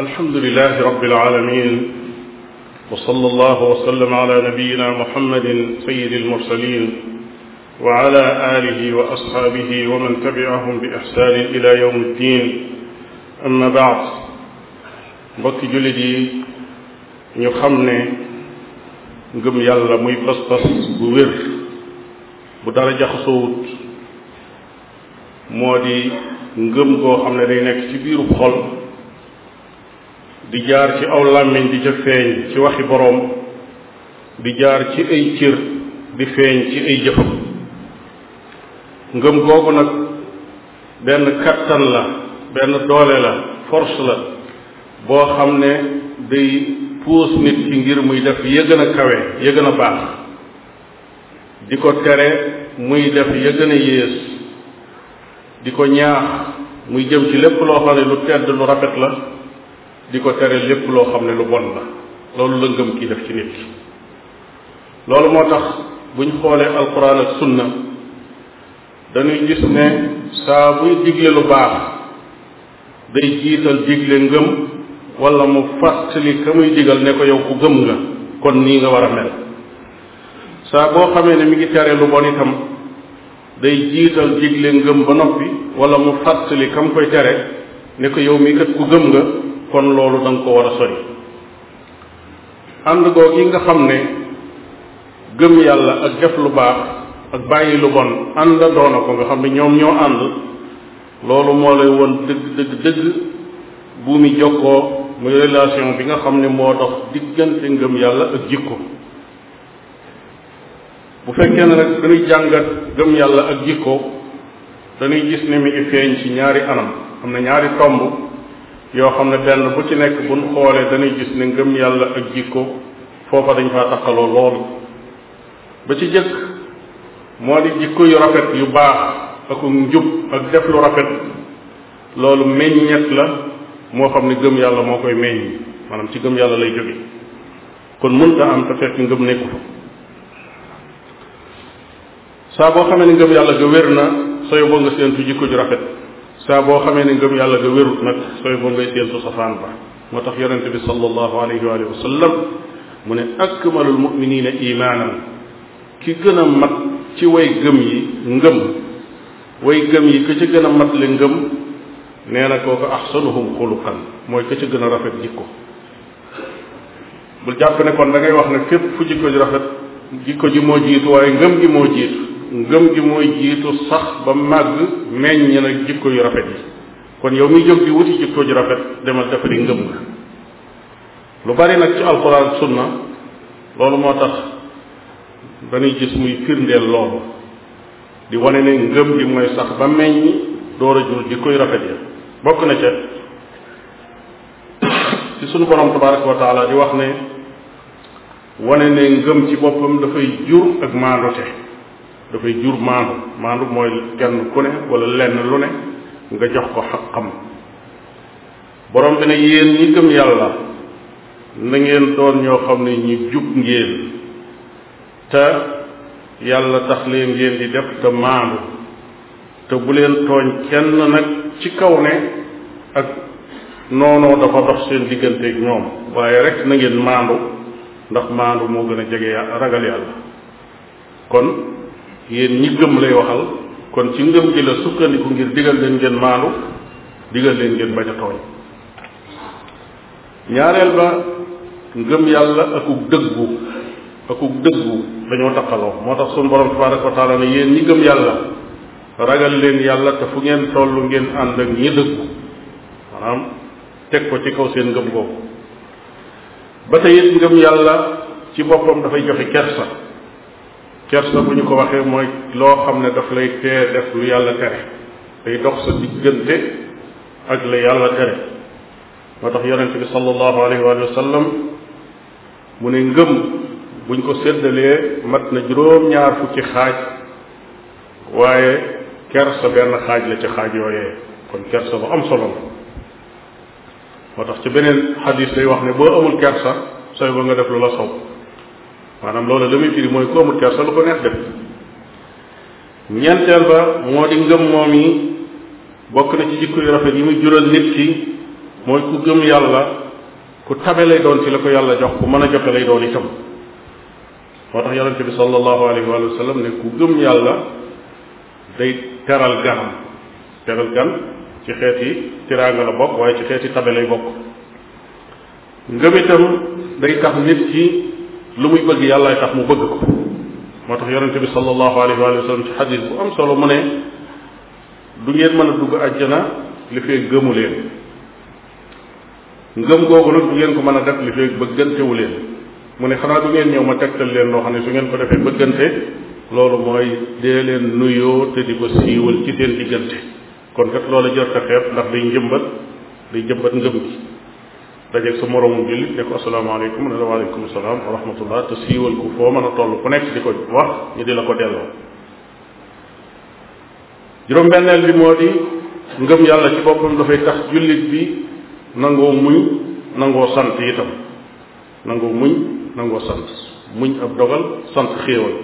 alhamdulilah rabbil aalamiin wa sallallaahu wa sallam alaa nabiyyinaa muhammadin sayyidil mursaliin wa alaa aalihi wa asxaabihi wa man tabi'ahum bi ihsaanin ilaa yawmi ddiin amma ba'd mbokki jullit yi ñu xam ne ngëm yàlla muy pas-pas bu wér bu dara jaxasoowut moo di ngëm goo xam ne day nekk ci biiru xol. di jaar ci aw làmmiñ di ca feeñ ci waxi boroom di jaar ci ay cir di feeñ ci ay jëfam ngëm googu nag benn kattan la benn doole la force la boo xam ne day puus nit ci ngir muy def ya gën a kawe ya gën a baax di ko tere muy def ya gën a yées di ko ñaax muy jëm ci lépp loo xam ne lu tedd lu rafet la di ko tere lépp loo xam ne lu bon la loolu lëngëm kii def ci nit loolu moo tax buñ xoolee alquran ak sunna dañuy gis ne saa buy digle lu baax day jiital digle ngëm wala mu fàttali ka muy digal yow ku gëm nga kon nii nga war a mel boo xamee ne mi ngi tere lu bon itam day jiital digle ngëm ba noppi wala mu fàttali kam koy tere ne ko yow mii kat ku gëm nga kon loolu da ko war a sori ànd googu yi nga xam ne gëm yàlla ak def lu baax ak bàyyi lu bon ànd doona ko nga xam ne ñoom ñoo ànd loolu moo lay woon dëgg dëgg dëgg buumi jokkoo muy relation bi nga xam ne moo dox diggante ngëm yàlla ak jikko bu fekkee ne nag dañuy jàngat gëm yàlla ak jikko dañuy gis ne mi ngi feeñ ci ñaari anam am na ñaari tomb yoo xam ne benn bu ci nekk buñ xoolee dañuy gis ne ngëm yàlla ak jikko foofa dañ faa takkaloo lool ba ci jëkk moo di jikko yu rafet yu baax ak njub ak def lu rafet loolu meññet la moo xam ne gëm yàlla moo koy meññ maanaam ci gëm yàlla lay jóge kon mënta am te fekk ngëm nekku saa boo xam ne ngëm yàlla ga wér na sa yóbboo nga seentu jikko ju rafet saa boo xamee ne ngëm yàlla ga wérut nag sooy boo ngay deltu safaan ba moo tax yonente bi sallallahu alayhi wa alihi wa mu ne akmalul muminina imaanan ki gën a mat ci way gëm yi ngëm way gëm yi ka ca gën a mat le ngëm nee na ko ahsanuhum xuluqan mooy ka ca gën a rafet jikko bul jàpp ne kon da ngay wax ne fépp fu jikko ji rafet jikko ji moo jiitu waaye ngëm gi moo jiitu ngëm ji mooy jiitu sax ba màgg meññ nag jikko yu rafet yi kon yow mi jóg di wuti jikko ju rafet demal defari ngëm nga lu bari nag ci alxuraan sunna loolu moo tax dañuy gis muy firndeel loolu di wane ne ngëm ji mooy sax ba meññ door a jur jikko yu rafet ya bokk na ca ci sunu borom tabaraka wa di wax ne wane ne ngëm ci boppam dafay jur ak maandute dafay jur maandu maandu mooy kenn ku ne wala lenn lu ne nga jox ko xam-xam borom bi ne yéen ñi gëm yàlla na ngeen doon ñoo xam ne ñu jub ngeen te yàlla tax leen ngeen di def te maandu te bu leen tooñ kenn nag ci kaw ne ak noonoo dafa dox seen diggante ak ñoom waaye rek na ngeen maandu ndax maandu moo gën a jege ragal yàlla kon yéen ñi gëm lay waxal kon ci ngëm gi la sukkandiku ngir digal leen ngeen maandu digal leen ngeen bañ a tooñ ñaareel ba ngëm yàlla akuk dëggu akuk dëggu dañoo taqaloo moo tax sunu borom tabaraka wa taala ne yéen ñi gëm yàlla ragal leen yàlla te fu ngeen toll ngeen ànd ak ñi dëggu maanaam teg ko ci kaw seen ngëm googu ba tey it ngëm yàlla ci boppam dafay joxe kersa kersa bu ñu ko waxee mooy loo xam ne daf lay tee def lu yàlla tere day dox sa diggante ak la yàlla tere moo tax yonente bi sallallahu alayhi wa sallam mu ne ngëm buñ ko séddalee mat na juróom-ñaar fukki xaaj waaye kersa benn xaaj la ci xaaj yooyee kon kersa bu am solo la moo tax ci beneen xadis day wax ne boo amul kersa sooy ba nga def lu la sow maanaam loola la muy firi mooy ku amul kersa lu ko neex def ñeenteel ba moo di ngëm moom yi bokk na ci jikko yu rafet yi mu jural nit ki mooy ku gëm yàlla ku tabe lay doon ci la ko yàlla jox ku mën a jote lay doon itam moo tax yonente bi sallallahu alayhi wa sallam ne ku gëm yàlla day teral ganam teral gan ci xeeti tiraanga la bokk waaye ci xeeti tabe lay bokk ngëm itam day tax nit ki lu muy bëgg yàllaay tax mu bëgg ko moo tax yonente bi sallallahu alayhi wa sallam ci xadis bu am solo mu ne du ngeen mën a dugg àjjana li fee gëmu leen ngëm googu nag du ngeen ko mën a def li fee bëggantewu leen mu ne xanaa du ngeen ñëw ma tegtal leen loo xam ne su ngeen ko defee bëggante loolu mooy dee leen nuyoo te di ko siiwal ci seen diggante kon kat loolu jër ta xeeb ndax day njëmbat day jëmbat ngëm gi dajeeg sa moromu jullit ne ko asalaamaaleykum ne la waaleykum salaam wa rahmatullah te siiwal ko foo mën a toll ku nekk di ko wax ñu di la ko delloo juróom-benneel bi moo di ngëm yàlla ci boppam dafay tax jullit bi nangoo muñ nangoo sant itam nangoo muñ nangoo sant muñ ab dogal sant xéewal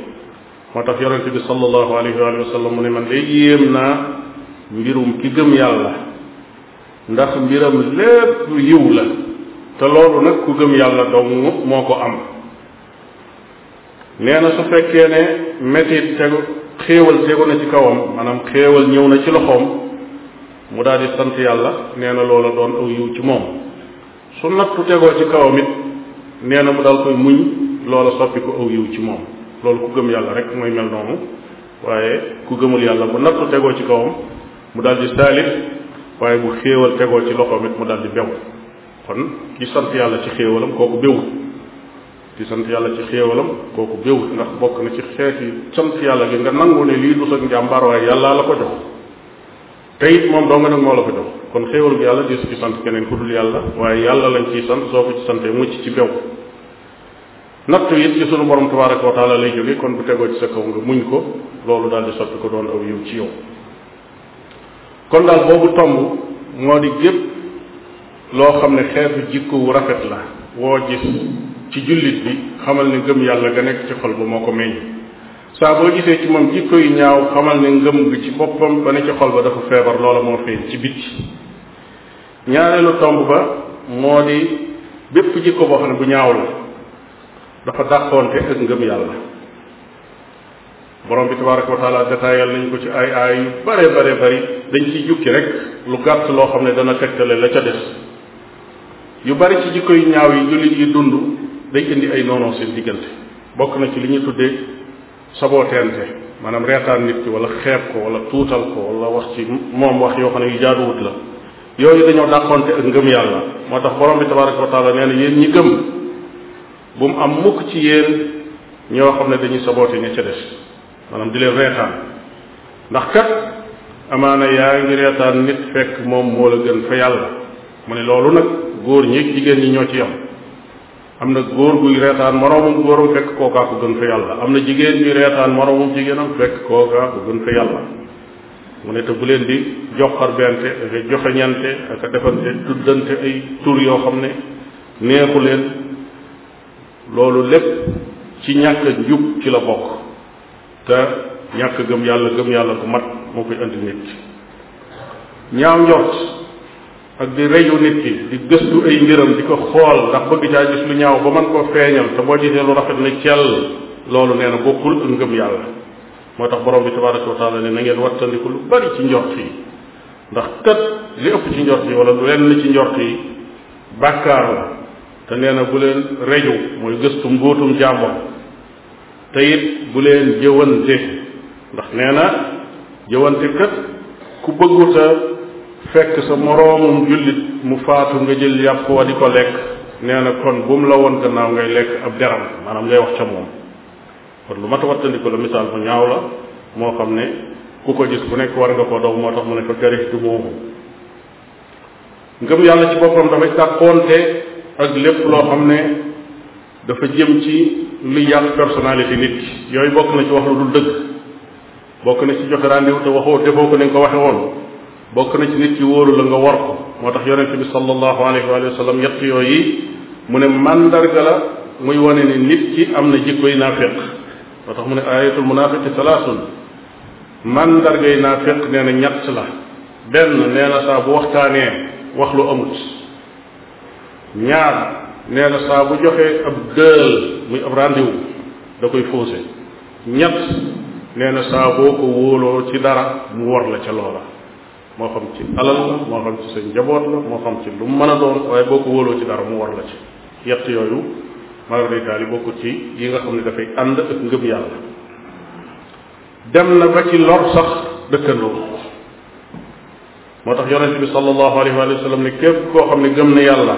moo tax yonente bi sallallahu alayhi wa sallam mu ne man de yéem naa mbirum ki gëm yàlla ndax mbiram lépp yiw la te loolu nag ku gëm yàlla dong moo ko am nee na su fekkee ne metit tegu xéewal tegu na ci kawam maanaam xéewal ñëw na ci loxoom mu daal di sant yàlla nee na loola doon aw yiw ci moom su nattu tegoo ci kawam it nee na mu daal koy muñ loola soppi ko aw yiw ci moom loolu ku gëm yàlla rek mooy mel noonu waaye ku gëmul yàlla bu nattu tegoo ci kawam mu daal di saalif waaye bu xéewal tegoo ci loxoom it mu daal di bew kon ki sant yàlla ci xéewalam kooku béwul ki sant yàlla ci xéewalam kooku béwul ndax bokk na ci xeeti sant yàlla gi nga nangu ne lii du sa njàmbaar waaye yàllaa la ko jox te it moom doo nga nag moo la ko jox kon xéewal gi yàlla di ci sant keneen ku dul yàlla waaye yàlla lañ ki sant soo ko ci sante mucc ci bew nattu it ci sunu borom tabaraka wa taala lay jóge kon bu tegoo ci sa kaw nga muñ ko loolu daal di soppi ko doon aw yiw ci yow kon daal boobu tomb loo xam ne xeetu jikko wu rafet la woo gis ci jullit bi xamal ne ngëm yàlla ga nekk ci xol ba moo ko meññ saa boo gisee ci moom jikko yu ñaaw xamal ne ngëm gi ci boppam ba ne ci xol ba dafa feebar loola moo feeñ ci bitti ñaareelu tomb ba moo di bépp jikko boo xam ne bu ñaaw la dafa dàqoonte ak ngëm yàlla borom bi tabaraka wa taala détaayal nañ ko ci ay aay yu bare bare bari dañ ciy jukki rek lu gàtt loo xam ne dana tegtale la ca des yu bari ci jikko yu ñaaw yi jullit yi dund day indi ay noonoo seen diggante bokk na ci li ñu tuddee saboteente maanaam reetaan nit ki wala xeeb ko wala tuutal ko wala wax ci moom wax yoo xam ne yu jaaduwut la yooyu dañoo dàqonte ak ngëm yàlla moo tax borom bi tabaraka wa taala nee na yéen ñi gëm bu mu am mukk ci yéen ñoo xam ne dañuy sabote ña ca des maanaam di leen reetaan ndax kat amaana yaa ngi reetaan nit fekk moom moo la gën fa yàlla mu góor ñeeg jigéen ñi ñoo ci yam am na góor guy reetaan moroomam góoram fekk kookaa ko gën fa yàlla am na jigéen guy reetaan moroomam jigéenam fekk kookaa ko gën fa yàlla mu ne te bu leen di joxar bente ak joxe ñante ak a defante tuddante ay tur yoo xam ne neexu leen loolu lépp ci ñàkk njub ci la bokk te ñàkk gëm yàlla gëm yàlla ko mat moo koy andi nit ñaaw njort ak di reyu nit ki di gëstu ay mbiram di ko xool ndax bëgg caa gis lu ñaaw ba man koo feeñal te boo gisee lu rafet ne cell loolu nee na bokkul ak ngëm yàlla moo tax boroom bi tabaraka wa taala ne na ngeen wattandiku lu bari ci njort yi ndax kat li ëpp ci njort yi wala lu leen li ci njort yi bàkkaar la te nee na bu leen reju mooy gëstu mbóotum jàmbur te bu leen jëwante ndax nee na jëwante kat ku bëgguta fekk sa moroomum jullit mu faatu nga jël yàpp wa di ko lekk nee na kon bu mu la woon gannaaw ngay lekk ab deram maanaam ngay wax ca moom kon lu mat a wattandiku la misaal bu ñaaw la moo xam ne ku ko gis bu nekk war nga ko daw moo tax mu ne fa gari du moomu ngëm yàlla ci boppam dafay sàkkoonte ak lépp loo xam ne dafa jëm ci lu yàq personnalité nit yooyu bokk na ci wax lu dul dëgg bokk na ci joxe rendez-vous te waxoo defoo ko ni nga ko waxe woon bokk na ci nit ki wóolu la nga war ko moo tax yonente bi sallallahu alayhi wa sallam yett yooyu mu ne mandarga la muy wane ni nit ki am na jikkoy naafiq moo tax mu ne ayatul munaafiqi salaasun mandargay naafiq nee na ñett la benn nee na saa bu waxtaanee wax lu amut ñaar nee na saa bu joxee ab dël muy ab rendez da koy faussé ñett nee na saa boo ko wóoloo ci dara mu war la ca loola moo xam ci alal la moo xam ci sa njaboot la moo xam ci lu mën a doon waaye boo ko wóoloo ci dara mu war la ci yett yooyu maradaytaal yi bokkut ci yi nga xam ne dafay ànd ak ngëm yàlla dem moo tax yonente bi sallallahu alayhi wa sallam ne képp koo xam ne gëm na yàlla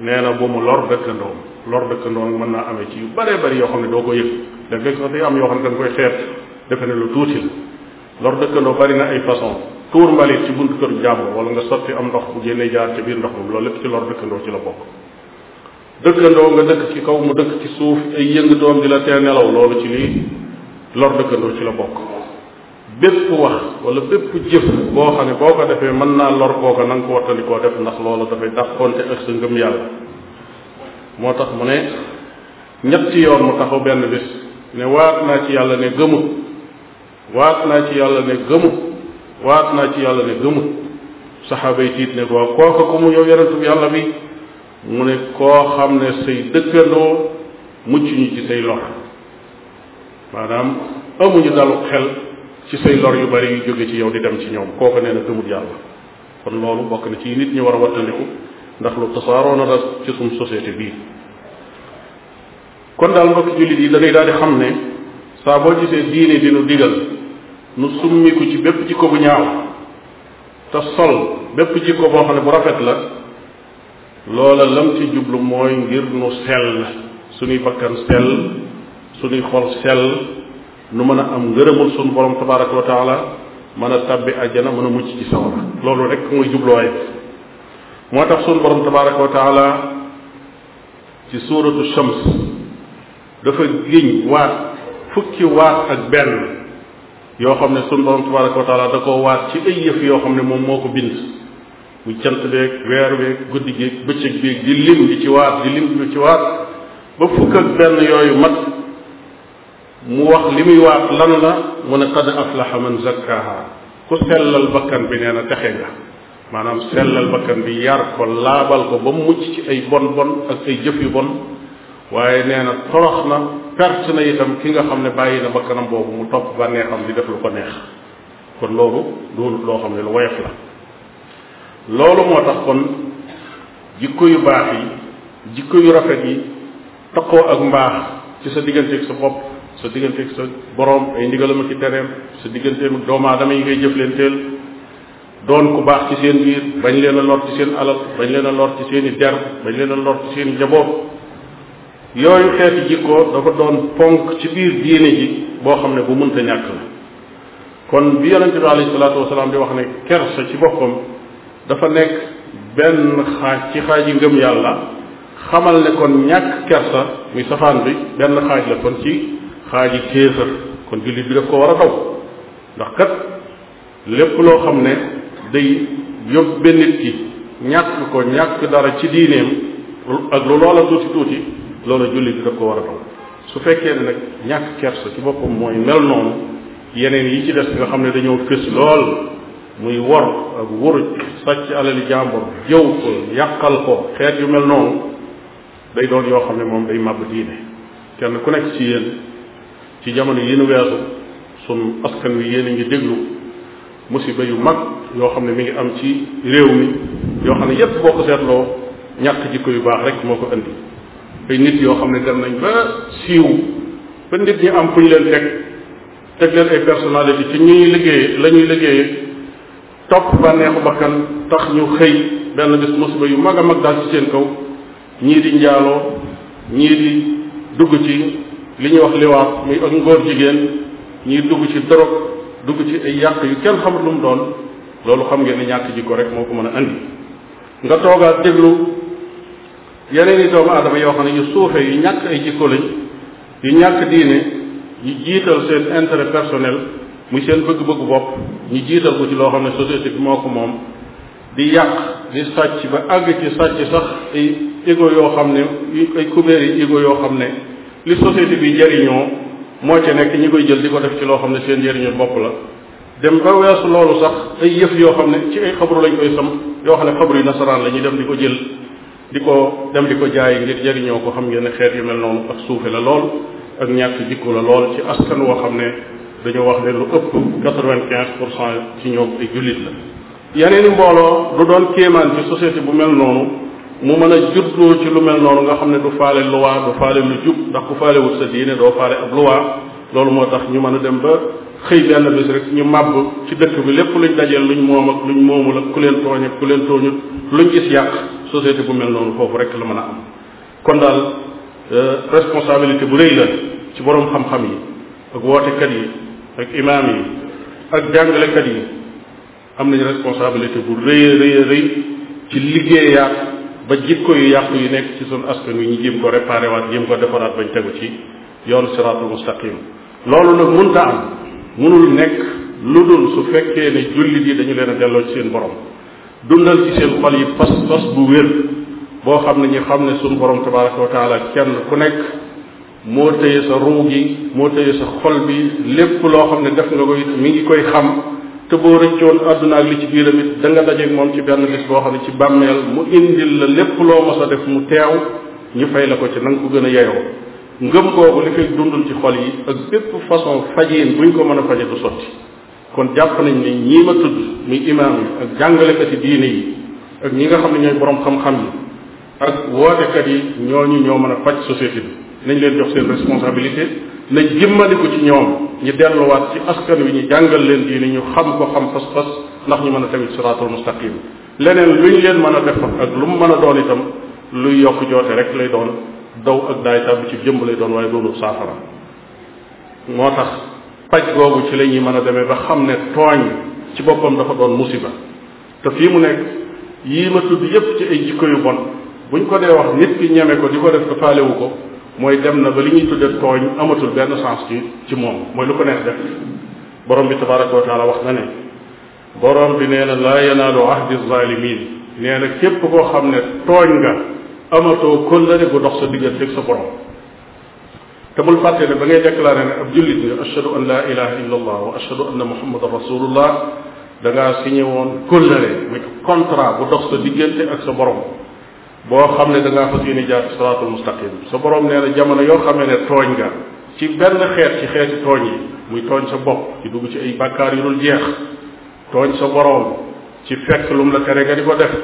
nee na bu mu lor dëkkandoo lor dëkkandoo mën naa amee ci yu bëree bari yoo xam ne doo ko yëg da nga sax day am yoo xam ne da nga koy xeet defe ne lu tuuti la lor dëkkandoo bari na ay façon tuur mbalit ci buntu kër jàmm wala nga sotti am ndox bu génnee jaar ci biir ndox moom loolu lépp ci lor dëkkandoo ci la bokk dëkkandoo nga dëkk ci kaw mu dëkk ci suuf ay yëngatoom di la tee nelaw loolu ci lii lor dëkkandoo ci la bokk bépp wax wala bépp jëf boo xam ne boo ko defee mën naa lor kooka na nga ko wattandikoo def ndax loolu dafay dàqonte ak sa ngëm yàlla moo tax mu ne ñetti yoon mu taxaw benn bis ne waat naa ci yàlla ne gëmu waat naa ci yàlla waat naa ci yàlla ne gëmut saxaaba yi tiit ne ko waaw kooka ku mu yow yonentu yàlla bi mu ne koo xam ne say dëkkandoo mucc ñu ci say lor maanaam amuñu dalu xel ci say lor yu bari yu jóge ci yow di dem ci ñoom kooka nee na gëmut yàlla kon loolu bokk na ci nit ñi war a wattandiku ndax lu tasaaroona la ci suñ société bii kon daal mbokki jullit yi da ngay xam ne saa boo gisee diine di nu nu summiku ci bépp jikko bu ñaaw te sol bépp jikko boo xam ne bu rafet la loola lam ci jublu mooy ngir nu sell suñuy bakkan sell suñuy xol sell nu mën a am ngërëmul suñu borom tabaraka wa taala mën a tabbi ajjana mën a mucc ci sawara loolu rek muy jubluwaay moo tax suñu borom tabaraka wa ci suuratu shams dafa giñ waat fukki waat ak benn yoo xam ne sunu borom tabaraka wa taala da koo waat ci ay yëf yoo xam ne moom moo ko bind mu jant beeg weer beeg guddi gi bëccëg beeg di lim di ci waat di lim di ci waat ba fukk ak benn yooyu mat mu wax li muy waat lan la mu ne qad aflaha man zakkaha ku sellal bakkan bi nee na texe nga maanaam sellal bakkan bi yar ko laabal ko ba mu mucc ci ay bon bon ak ay jëf yu bon waaye nee na torox na perte na itam ki nga xam ne bàyyi na kanam boobu mu topp bànneexam di def lu ko neex kon loolu doonut loo xam ne lu woyof la loolu moo tax kon jikko yu baax yi jikko yu rafet yi takkoo ak mbaax ci sa digganteeg sa bopp sa digganteeg sa boroom ay ndigalam ak i tereem sa digganteem ak doomu aadama yi leen jëflanteel doon ku baax ci seen biir bañ leen a lor ci seen alal bañ leen a lor ci seen i der bañ leen a lor ci seen i njaboot yooyu xeeti jikko dafa doon ponk ci biir diine ji boo xam ne bu mënta ñàkk la kon bi yonente bi alayhi di wax ne kersa ci boppam dafa nekk benn xaaj ci xaaj yi ngëm yàlla xamal ne kon ñàkk kersa muy safaan bi benn xaaj la kon ci xaaj yi kéefër kon jullit bi daf ko war a daw ndax kat lépp loo xam ne day yóbbe nit ki ñàkk ko ñàkk dara ci diineem ak lu loola tuuti tuuti loola julli bi daf ko war a daw su fekkee ne nag ñàkk kersa ci boppam mooy mel noonu yeneen yi ci des nga xam ne dañoo fës lool muy wor ak wuruj sàcc alali jàmbur jëw ko yàqal ko xeet yu mel noonu day doon yoo xam ne moom day màbb diine kenn ku nekk ci yéen ci jamono yi nu weesu sunu askan wi yéen a ngi déglu musiba yu mag yoo xam ne mu ngi am ci réew mi yoo xam ne yépp boo ko seetloo ñàkk jikko yu baax rek moo ko indi ay nit yoo xam ne dem nañ ba siiw ba nit ñi am fu ñu leen teg teg leen ay personnalité ci ñuy liggéeye la ñuy liggéeye topp bànneexu bakkan tax ñu xëy benn bis musiba yu mag a mag daal ci seen kaw ñii di njaaloo ñii di dugg ci li ñuy wax liwaat muy ak ngóor jigéen ñii dugg ci drogue dugg ci ay yàq yu kenn xamut lu mu doon loolu xam ngeen ne ñàkk ji ko rek moo ko mën a indi nga toogaat déglu yeneen i doomu aadama yoo xam ne yu suufe yu ñàkk ay jikko lañ yu ñàkk diine ñu jiital seen intérêt personnel muy seen bëgg-bëggu bopp ñu jiital ko ci loo xam ne société bi moo ko moom di yàq di sàcc ba àgg ci sax ay yoo xam ne ay kubéer yi égo yoo xam ne li société bi jariñoo moo ci nekk ñi koy jël di ko def ci loo xam ne seen njëriñu bopp la dem ba weesu loolu sax ay yëf yoo xam ne ci ay xabru lañ koy sam yoo xam ne xabru yi nasaraan la ñuy dem di ko jël di ko dem di ko jaay ngir jëriñoo ko xam ngeen ne xeet yu mel noonu ak suufe la lool ak ñàkk jikko la lool ci askan woo xam ne dañoo wax ne lu ëpp quatre-vingt-quinze pour cent ci ñoom ay jullit la yeneeni mbooloo du doon kéemaan ci société bu mel noonu mu mën a juddoo ci lu mel noonu nga xam ne du faale luwaa du faale lu jub ndax ku faalewut sa diine doo faale ab waa loolu moo tax ñu mën a dem ba xëy benn bés rek ñu màbb ci dëkk bi lépp luñ dajeel luñ moom ak luñ moomul ak ku leen tooñ ak ku leen tooñut luñ gis yàq société bu mel noonu foofu rek la mën a am kon daal euh, responsabilité bu rëy la ci borom xam-xam yi ak wootekat yi ak imaam yi ak jàngalekat yi am nañ responsabilité bu rëy rëy rëy ci liggéeyaat ba jikko yu yàqu yi nekk ci sunu askan wi ñu jéem ko réparé waat jéem ko defaraat bañ tegu ci yoonu siraatul mustaqim loolu nag mënta mënul nekk lu dul su fekkee ne jullit yi dañu leen a delloo ci seen borom dundal ci seen xol yi pas pas bu wér boo xam ne ñu xam ne suñu borom tabaraka wa taala kenn ku nekk moo téye sa ruu gi moo tëye sa xol bi lépp loo xam ne def nga koy mi ngi koy xam te boo rëccoon àdduna ak li ci biiram it da nga moom ci benn bis boo xam ne ci bàmmeel mu indil la lépp loo mos a def mu teew ñu fay la ko ci nanga ko gën a yeyoo ngëm kooku li koy dundul ci xol yi ak bépp façon fajiin buñ ko mën a faje du sotti kon jàpp nañ ne ñii ma tudd muy imaam yi ak jàngalekati diine yi ak ñi nga xam ne ñooy borom xam-xam yi ak wootekat yi ñoo ñu ñoo mën a faj société bi nañ leen jox seen responsabilité nañ jëmmaliku ci ñoom ñu delluwaat ci askan wi ñu jàngal leen diine ñu xam ko xam fas-fas ndax ñu mën a tamit siraatul mustaqim leneen luñ leen mën a def ak lu mu mën a doon itam luy yokk joote rek lay doon daw ak daay tàbb ci jëmb lay doon waaye doonul saafara moo tax paj googu ci la ñuy mën a demee ba xam ne tooñ ci boppam dafa doon musiba te fii mu nekk yii ma tudd yépp ci ay jikko yu bon buñ ko dee wax nit ki ñeme ko di ko def te faalewu ko mooy dem na ba li ñuy tuddee tooñ amatul benn sens ci ci moom mooy lu ko neex def borom bi tabaraka wa taala wax na ne borom bi nee na laa yanaalu ahdi zalimin nee na képp koo xam ne tooñ nga amatoo kóllëre gu dox sa digganteeg sa borom te bul fàtte ne ba ngay déclaré ne ab jullit o ashhadu an la ilaha illa allah wa ashhadu anna muhammadan rasulullah da ngaa signé woon kóllëre muy contrat bu dox sa diggante ak sa borom boo xam ne da ngaa fas yéene jaar siraatul mustaqim sa borom nee na jamono yoo xamee ne tooñ nga ci benn xeet ci xeeti tooñ yi muy tooñ sa bopp ci dugg ci ay bàkkaar yu dul jeex tooñ sa borom ci fekk lum la di ko def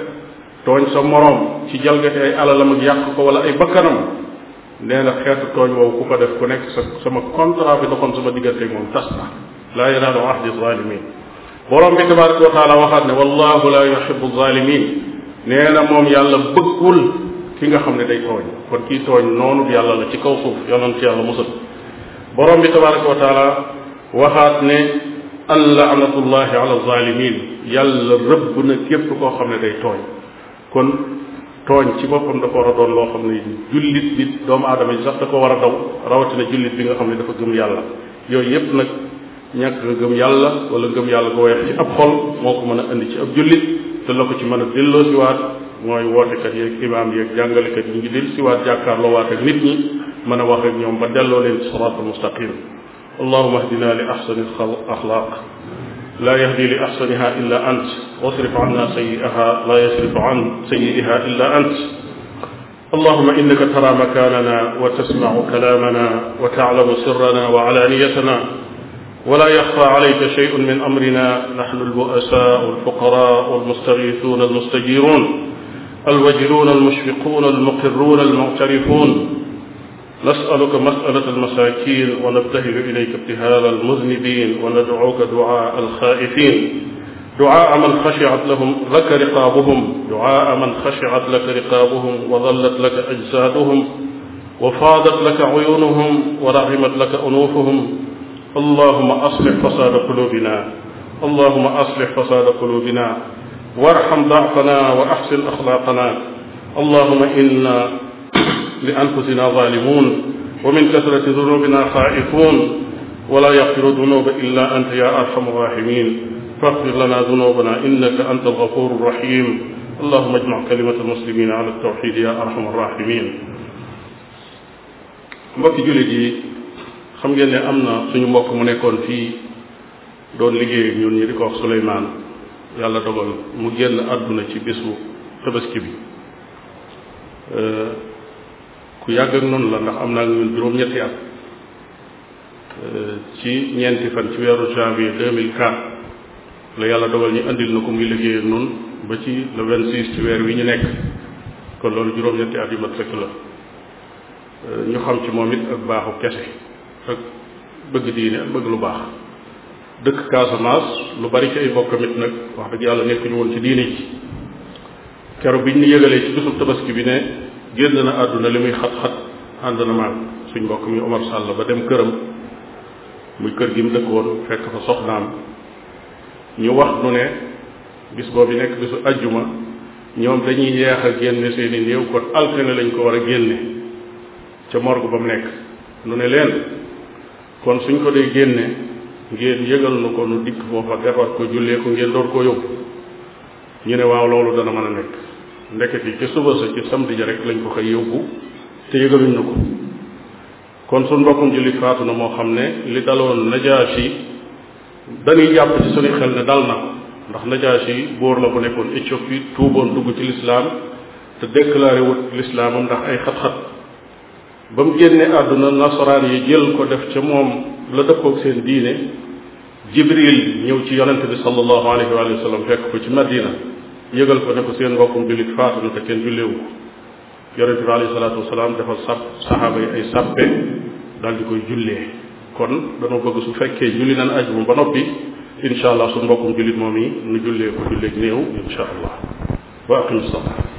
tooñ sa moroom ci jalgati ay alalam ak yàq ko wala ay bakkanam nee na xeetu tooñ woowu ku ko def ku nekk sa sama contrat bi doxoon sama diggante moom tas na laa yanaalu ahdi zalimin borom bi tabaraka wa taala waxaat ne wallahu la yuhibu zalimin nee na moom yàlla bëggul ki nga xam ne day tooñ kon kii tooñ noonu yàlla la ci kaw suuf yonent yàlla musal borom bi tabaraka wa taala waxaat ne an laanatullahi ala zalimin yàlla rëbb na képp koo xam ne day tooñ kon tooñ ci boppam dafa war a doon loo xam ne jullit bi doomu aadama yi sax da ko war a daw rawatina jullit bi nga xam ne dafa gëm yàlla yooyu yépp nag ñàkk nga gëm yàlla wala gëm yàlla ko weex ci ab xol moo ko mën a indi ci ab jullit te la ko ci mën a delloo siwaat mooy wootekat yeeg imaam yeeg jàngalekat yi ngi del siwaat jàkkaarloo waat ak nit ñi mën a wax ak ñoom ba delloo leen ci siraatul mustaqim allahuma ahdina li ahsani al axlaaq laa yahdi li axsaniha illa ant wasrif anna sayi'aha laa yasrifu an sayi'iha illa ant allahuma innaka tara makaanana wa tasmacu kalaamana wa taalamu sirana wa alaaniyatana wala yaxfa alayka shay'un min amrina naxnu albu'asaa'u alfuqaraa'u almustaghiisuuna almustajiiruun alwajiluuna almushfiquuna almuqirruuna almuctarifuun nasaluka masalat almasakin wa nabtahilu ilayka ibtihala almuznibin wa nadcuuka ducaa alxaaifin ducaa man xashicat lahum laka riqaabuhum ducaa man xashicat laka riqaabuhum wa dallat laka ajsaaduhum wa faadat laka cuyunuhum wa raximat laka unuufuhum allahuma aslix fasaada quluubina allahuma aslix fasaada quluubina warxam dacfana wa axsin axlaaqana allahuma inna li anfusina zalimun wa min kasrati zunubina xaaifun wala yaxfiru dunuba illa anta ya arhamu rahimin faxfir lana dunubana innaka anta algafuru rahim allahuma ajmac kalimata almuslimina ala altawxid ya arhamu rahimin mbokki jullit yi xam ngeen ne am na suñu mbokk mu nekkoon fii doon liggéey ñun ñi di ko wax Souleymane yàlla dogal mu génn àdduna ci bésu tabaski bi euh, ku yàgg ak noonu la ndax am naa nga juróom-ñetti at euh, ci ñeenti fan ci weeru janvier 2004 la yàlla dogal ñu andil na ko muy liggéey ak noonu ba ci le 26 ci weer wi ñu nekk kon loolu juróom-ñetti at yu mat la euh, ñu xam ci moom it ak baaxu kese ak bëgg diine ak bëgg lu baax dëkk Casamance lu bari ci ay bokkam it nag wax dëgg yàlla nekkuñu woon ci diine ji kero biñ ñu yëgalee ci bisub tabaski bi ne génn na àdduna li muy xat-xat ànd na maag suñ mbokk mi Omar Sall ba dem këram muy kër gi mu dëkkoon fekk fa soxnaam ñu wax nu ne bis boobu nekk bisu ajjuma ñoom dañuy yeex a génne seeni néew kon altine lañ ko war a génne ca morgue ba mu nekk nu ne leen kon suñ ko dee génne ngeen yëgal nu ko nu dikk foofa defar ko jullee ko ngeen door koo yóbbu ñu ne waaw loolu dana mën a nekk ndeketi ci suba sa ci samedi ja rek lañu ko xëy yóbbu te yëgaluñ ko kon suñ mbokkum jullit faatu na moo xam ne li daloon Najaasi dañuy jàpp ci suñu xel ne dal na ndax Najaasi buur la bu nekkoon Éthiopie tuuboon dugg ci lislaam te déclaré wut lislaamam ndax ay xat-xat ba mu génnee àdduna nasaraan yi jël ko def ca moom la dëppoog seen diine Jibril ñëw ci yonente bi sallallahu alayhi wa sallam fekk ko ci Madina yëgal ko ne ko seen mbokkum jullit faatu na te kenn julleewu ko yonente bi alayhi salaatu wasalaam dafa sab saxaaba ay sàppe daal di koy jullee kon danoo bëgg su fekkee julli nan ajuma ba noppi incha allah su mbokkum jullit moom yi nu jullee ko julleeg néew incha allah wa aqim